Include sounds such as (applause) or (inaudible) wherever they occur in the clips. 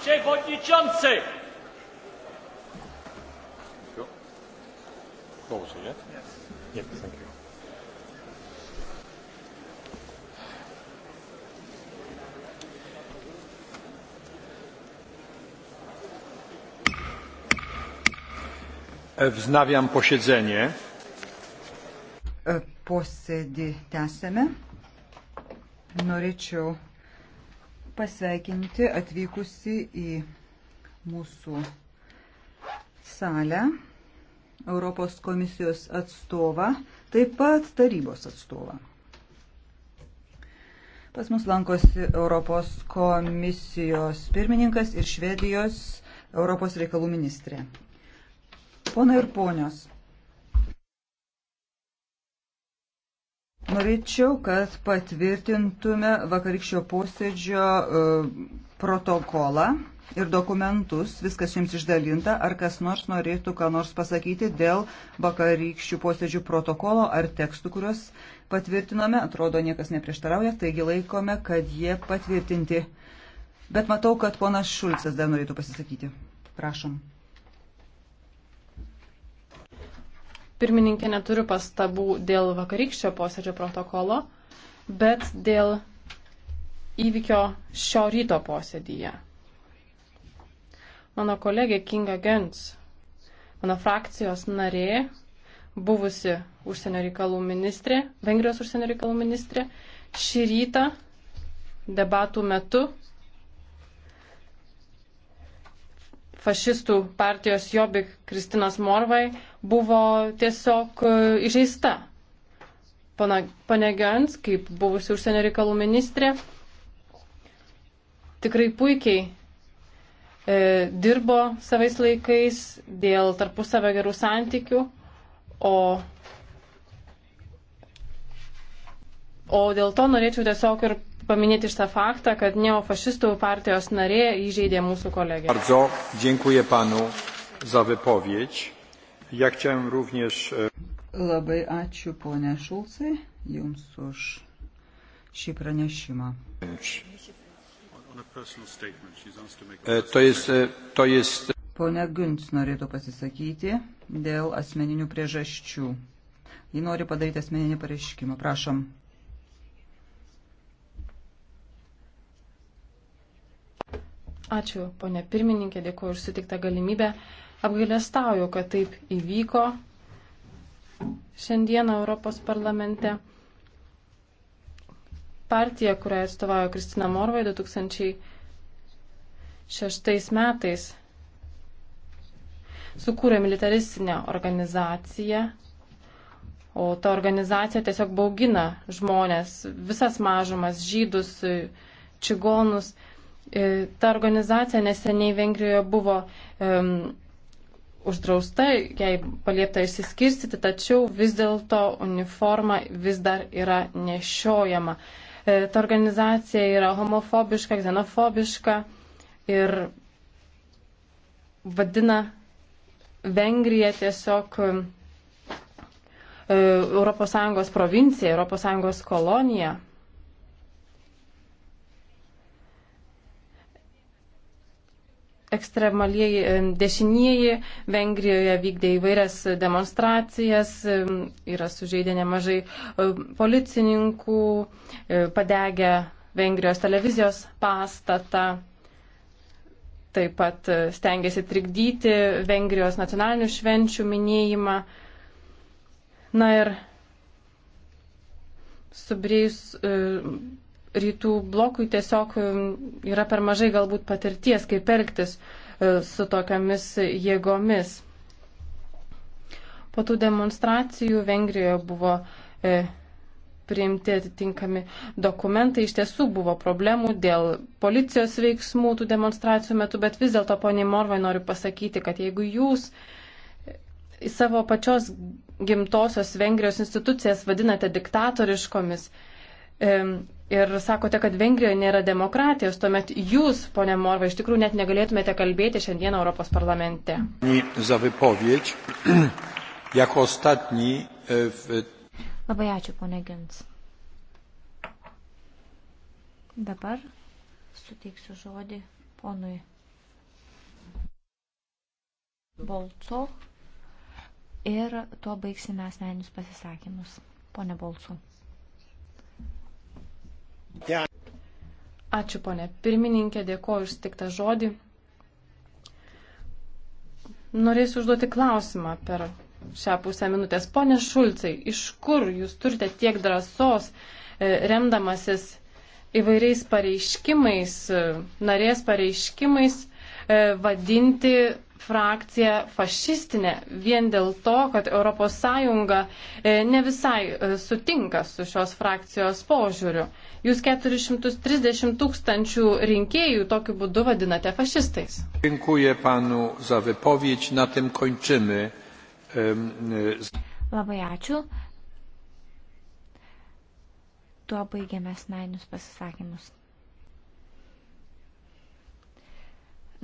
przewodniczący! Wznawiam posiedzenie. Posėdį tęsėme. Norėčiau pasveikinti atvykusi į mūsų salę Europos komisijos atstovą, taip pat tarybos atstovą. Pas mus lankosi Europos komisijos pirmininkas ir Švedijos Europos reikalų ministrė. Pona ir ponios, Norėčiau, kad patvirtintume vakarykščio posėdžio e, protokolą ir dokumentus. Viskas jums išdalinta. Ar kas nors norėtų ką nors pasakyti dėl vakarykščių posėdžių protokolo ar tekstų, kuriuos patvirtinome? Atrodo, niekas neprieštarauja, taigi laikome, kad jie patvirtinti. Bet matau, kad ponas Šulcas dar norėtų pasisakyti. Prašom. Pirmininkė neturiu pastabų dėl vakarykščio posėdžio protokolo, bet dėl įvykio šio ryto posėdyje. Mano kolegė Kinga Gens, mano frakcijos narė, buvusi užsienio reikalų ministrė, Vengrijos užsienio reikalų ministrė, šį rytą debatų metu fašistų partijos Jobik Kristinos Morvai buvo tiesiog e, įžeista. Pane Gions, kaip buvusi užsienio reikalų ministrė, tikrai puikiai e, dirbo savais laikais dėl tarpusavio gerų santykių, o, o dėl to norėčiau tiesiog ir paminėti šitą faktą, kad neofašistų partijos narė įžeidė mūsų kolegę. Bardzo dziękuję panu za wypowiedź. Ja chciałem również. E, Labai ačiū ponė Šulcai jums už šį pranešimą. E, to jest, e, to jest... Pone Günts norėtų pasisakyti dėl asmeninių priežasčių. Ji nori padaryti asmeninį pareiškimą. Prašom. Ačiū, ponė pirmininkė, dėkuoju už sutiktą galimybę. Apgailestauju, kad taip įvyko šiandieną Europos parlamente. Partija, kurią atstovauja Kristina Morvai 2006 metais, sukūrė militaristinę organizaciją, o ta organizacija tiesiog baugina žmonės, visas mažumas, žydus, čigonus. E, ta organizacija neseniai Vengrijoje buvo um, uždrausta, jai paliepta išsiskirstyti, tačiau vis dėlto uniforma vis dar yra nešiojama. E, ta organizacija yra homofobiška, xenofobiška ir vadina Vengriją tiesiog ES e, provincija, ES kolonija. ekstremalieji dešinieji Vengrijoje vykdė įvairias demonstracijas, yra sužeidę nemažai policininkų, e, padegę Vengrijos televizijos pastatą, taip pat e, stengiasi trikdyti Vengrijos nacionalinių švenčių minėjimą. Na ir subrėjus e, rytų blokui tiesiog um, yra per mažai galbūt patirties, kaip elgtis uh, su tokiamis jėgomis. Po tų demonstracijų Vengrijoje buvo e, priimti atitinkami dokumentai. Iš tiesų buvo problemų dėl policijos veiksmų tų demonstracijų metu, bet vis dėlto, poniai Morvai, noriu pasakyti, kad jeigu jūs savo pačios gimtosios Vengrijos institucijas vadinate diktatoriškomis, ir sakote, kad Vengrijoje nėra demokratijos, tuomet jūs, ponė Morva, iš tikrųjų net negalėtumėte kalbėti šiandien Europos parlamente. (clears throat) E, Labai ačiū, ponė Gins. Dabar suteiksiu žodį ponui Bolco ir tuo baigsime asmeninius pasisakymus. Pone Bolco. Ačiū, ponė. Pirmininkė, dėkoju už stiktą žodį. Norėsiu užduoti klausimą per šią pusę minutės. Pone Šulcai, iš kur jūs turite tiek drąsos, e, remdamasis įvairiais pareiškimais, e, narės pareiškimais, E, vadinti frakciją fašistinė vien dėl to, kad ES e, ne visai e, sutinka su šios frakcijos požiūriu. Jūs 430 tūkstančių rinkėjų tokiu būdu vadinate fašistais. Dziękuję panu za wypowiedź. Na tym kończymy. Labai ačiū. Tuo baigiame asmeninius pasisakymus.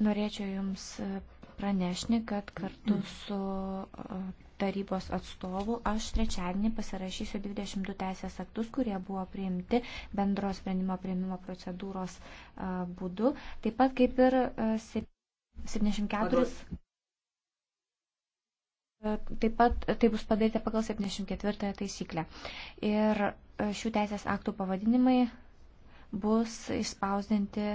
Norėčiau Jums pranešti, kad kartu su e, tarybos atstovų aš trečiadienį pasirašysiu 22 teisės aktus, kurie buvo priimti bendros sprendimo priimimo procedūros e, būdu, taip pat kaip ir 74. E, taip pat tai bus padaryta pagal 74 taisyklę. Ir šių teisės aktų pavadinimai bus išspausdinti